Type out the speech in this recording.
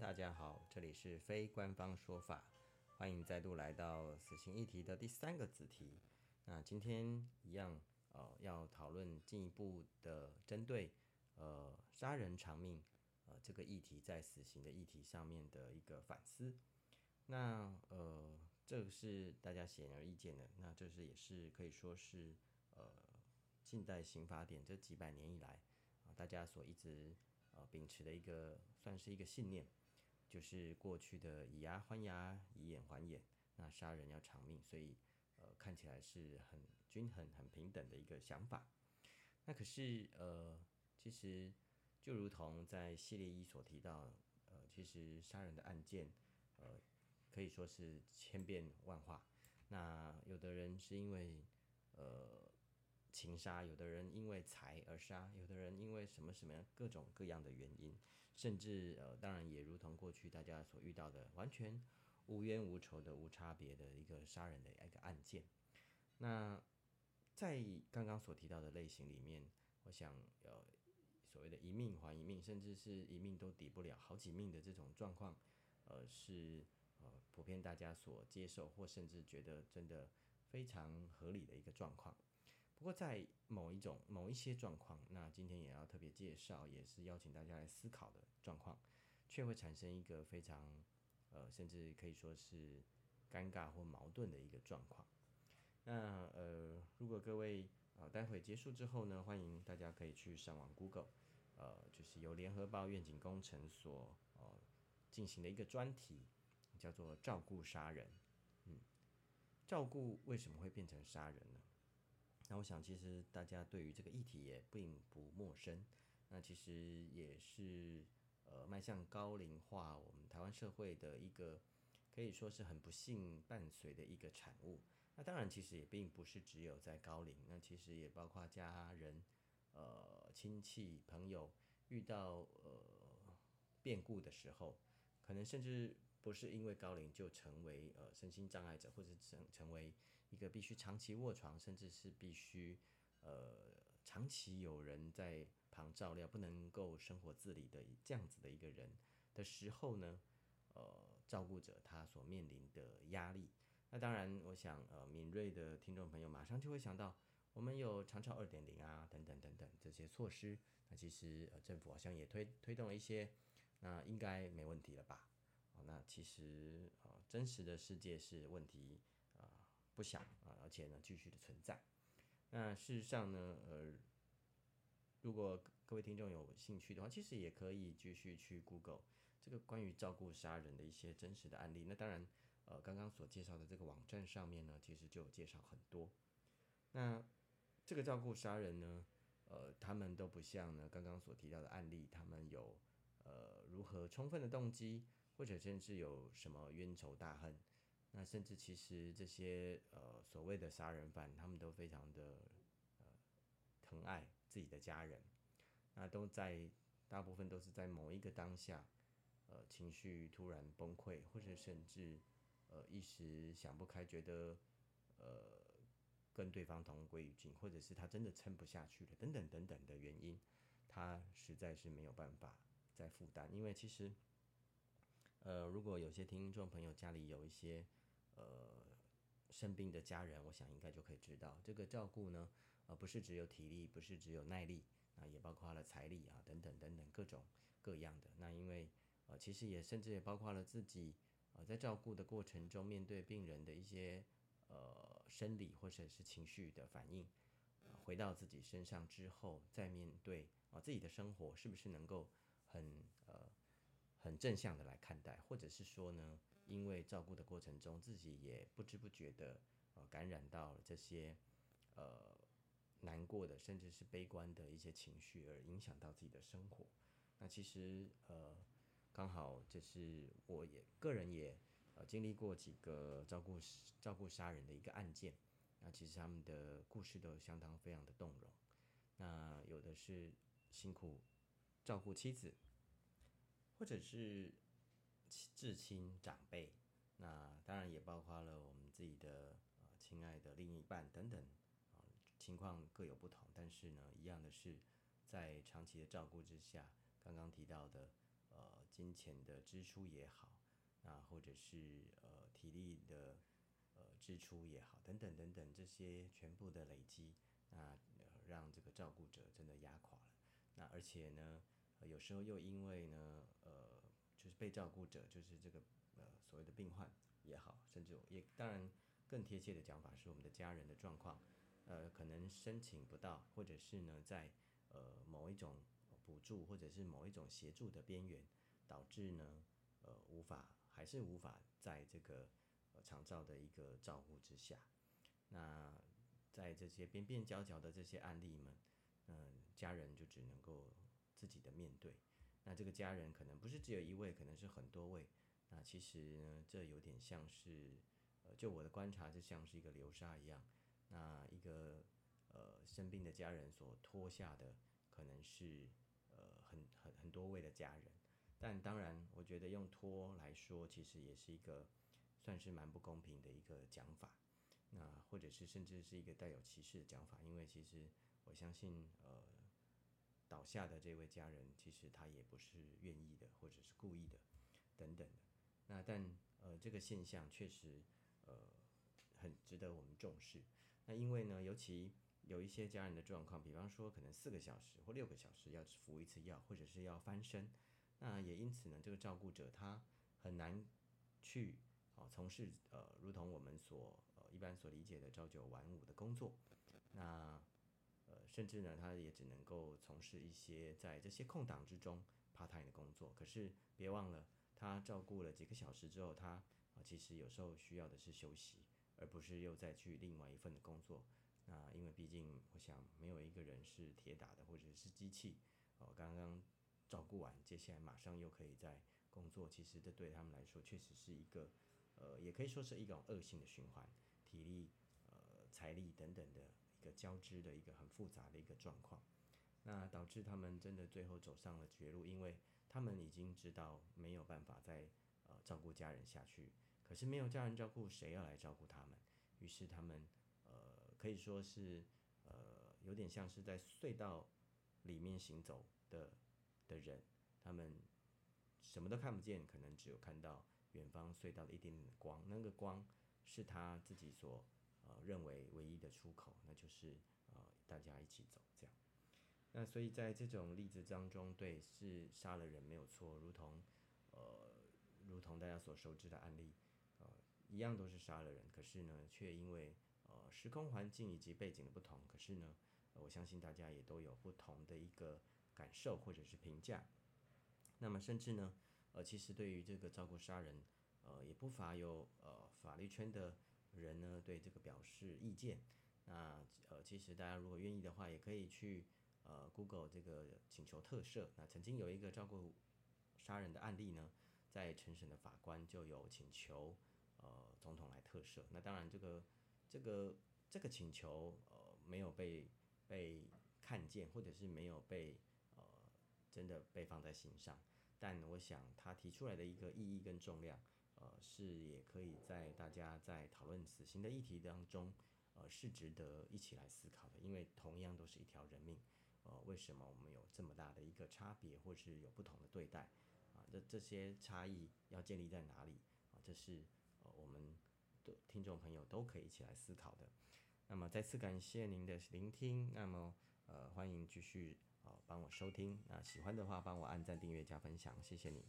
大家好，這裡是非官方說法，歡迎再度來到死刑議題的第三個子題。那今天一樣，呃，要討論進一步的針對，呃，殺人償命，呃，這個議題在死刑的議題上面的一個反思。那呃，這個是大家顯而易見的，那這是也是可以說是，呃，近代刑法典這幾百年以來，啊，大家所一直呃秉持的一個算是一個信念。就是過去的以牙還牙、以眼還眼，那殺人要償命，所以呃看起來是很均衡、很平等的一個想法。那可是呃，其實就如同在系列一所提到，呃，其實殺人的案件呃可以說是千變萬化。那有的人是因為呃情殺，有的人因為財而殺，有的人因為什麼什麼各種各樣的原因。甚至呃，當然也如同過去大家所遇到的，完全無冤無仇的、無差別的一個殺人的一個案件。那在剛剛所提到的類型裡面，我想呃，所謂的“一命還一命”，甚至是一命都抵不了好幾命的這種狀況，呃，是呃普遍大家所接受，或甚至覺得真的非常合理的一個狀況。不過，在某一種、某一些狀況，那今天也要特別介紹，也是邀請大家來思考的狀況，卻會產生一個非常，呃，甚至可以說是尷尬或矛盾的一個狀況。那呃，如果各位，呃，待會結束之後呢，歡迎大家可以去上網 Google，呃，就是由聯合報願景工程所，呃，進行的一個專題，叫做“照顧殺人”，嗯，照顧為什麼會變成殺人呢？那我想，其實大家對於這個議題也並不陌生。那其實也是呃，邁向高齡化，我們台灣社會的一個可以說是很不幸伴隨的一個產物。那當然，其實也並不是只有在高齡，那其實也包括家人、呃，親戚、朋友遇到呃變故的時候，可能甚至不是因為高齡就成為呃身心障礙者，或者成成為。一個必須長期臥床，甚至是必須，呃，長期有人在旁照料，不能夠生活自理的這樣子的一個人的時候呢，呃，照顧者他所面臨的壓力。那當然，我想，呃，敏銳的聽眾朋友馬上就會想到，我們有長照二點零啊，等等等等這些措施。那其實，呃，政府好像也推推動了一些，那應該沒問題了吧？哦，那其實，呃，真實的世界是問題不想啊，而且呢，繼續的存在。那事實上呢，呃，如果各位聽眾有興趣的話，其實也可以繼續去 Google 這個關於照顧殺人的一些真實的案例。那當然，呃，剛剛所介紹的這個網站上面呢，其實就有介紹很多。那這個照顧殺人呢，呃，他們都不像呢，剛剛所提到的案例，他們有呃如何充分的動機，或者甚至有什麼冤仇大恨。那甚至其實這些呃所謂的殺人犯，他們都非常的呃疼愛自己的家人，那都在大部分都是在某一個當下，呃情緒突然崩潰，或者甚至呃一時想不開，覺得呃跟對方同歸於盡，或者是他真的撐不下去了，等等等等的原因，他實在是沒有辦法再負擔，因為其實呃如果有些聽眾朋友家裡有一些。呃，生病的家人，我想應該就可以知道，這個照顧呢，呃，不是只有體力，不是只有耐力，啊，也包括了財力啊，等等等等各種各樣的。那因為呃，其實也甚至也包括了自己，呃，在照顧的過程中，面對病人的一些呃生理或者是情緒的反應，呃，回到自己身上之後，再面對啊，呃，自己的生活，是不是能夠很呃很正向的來看待，或者是說呢？因為照顧的過程中，自己也不知不覺地呃感染到了這些呃難過的，甚至是悲觀的一些情緒，而影響到自己的生活。那其實呃剛好就是我也個人也呃經歷過幾個照顧照顧殺人的一個案件，那其實他們的故事都相當非常的動容。那有的是辛苦照顧妻子，或者是。至親長輩，那當然也包括了我們自己的、呃、親愛的另一半等等、呃、情況各有不同。但是呢，一樣的是，在長期的照顧之下，剛剛提到的呃，金錢的支出也好，那或者是呃體力的呃支出也好，等等等等，這些全部的累積，那、呃、讓這個照顧者真的壓垮了。那而且呢，呃、有時候又因為呢，呃。就是被照顧者，就是這個呃所謂的病患也好，甚至我也當然更貼切的講法是我們的家人的狀況，呃，可能申請不到，或者是呢在呃某一種補助或者是某一種協助的邊緣，導致呢呃無法還是無法在這個、呃、長照的一個照顧之下，那在這些邊邊角角的這些案例們，嗯、呃，家人就只能夠自己的面對。那這個家人可能不是只有一位，可能是很多位。那其實呢，這有點像是，呃，就我的觀察，就像是一個流沙一樣。那一個呃生病的家人所拖下的，可能是呃很很很多位的家人。但當然，我覺得用拖來說，其實也是一個算是蠻不公平的一個講法。那或者是甚至是一個帶有歧視的講法，因為其實我相信，呃。倒下的這位家人，其實他也不是願意的，或者是故意的，等等的。那但呃，這個現象確實呃很值得我們重視。那因為呢，尤其有一些家人的狀況，比方說可能四個小時或六個小時要服一次藥，或者是要翻身。那也因此呢，這個照顧者他很難去啊從事呃，如同我們所，呃、一般所理解的朝九晚五的工作。那呃、甚至呢，他也只能夠從事一些在這些空檔之中 part time 的工作。可是別忘了，他照顧了幾個小時之後，他、呃、其實有時候需要的是休息，而不是又再去另外一份的工作。那因為畢竟，我想沒有一個人是鐵打的，或者是機器哦、呃。剛剛照顧完，接下來馬上又可以再工作，其實這對他們來說確實是一個呃，也可以說是一種惡性的循環，體力、呃、財力等等的。一個交織的一個很複雜的一個狀況，那導致他們真的最後走上了絕路，因為他們已經知道沒有辦法再呃照顧家人下去，可是沒有家人照顧，誰要來照顧他們？於是他們呃可以說是呃有點像是在隧道裡面行走的的人，他們什麼都看不見，可能只有看到遠方隧道的一點點的光，那個光是他自己所。呃，認為唯一的出口，那就是呃，大家一起走這樣。那所以在這種例子當中，對，是殺了人沒有錯，如同呃，如同大家所熟知的案例，呃，一樣都是殺了人，可是呢，卻因為呃時空環境以及背景的不同，可是呢，呃，我相信大家也都有不同的一個感受或者是評價。那麼甚至呢，呃，其實對於這個照顧殺人，呃，也不乏有呃法律圈的。人呢對，這個表示意見，那呃其實大家如果願意的話，也可以去呃 Google 這個請求特赦。那曾經有一個照顧殺人的案例呢，在承審的法官就有請求呃總統來特赦。那當然這個這個這個請求呃沒有被被看見，或者是沒有被呃真的被放在心上。但我想他提出來的一個意義跟重量。呃，是也可以在大家在討論死刑的議題當中，呃，是值得一起來思考的，因為同樣都是一條人命，呃，為什麼我們有這麼大的一個差別，或是有不同的對待？啊，這這些差異要建立在哪裡？啊，這是呃我們的聽眾朋友都可以一起來思考的。那麼再次感謝您的聆聽，那麼呃，歡迎繼續呃，幫我收聽，啊喜歡的話幫我按讚、訂閱、加分享，謝謝你。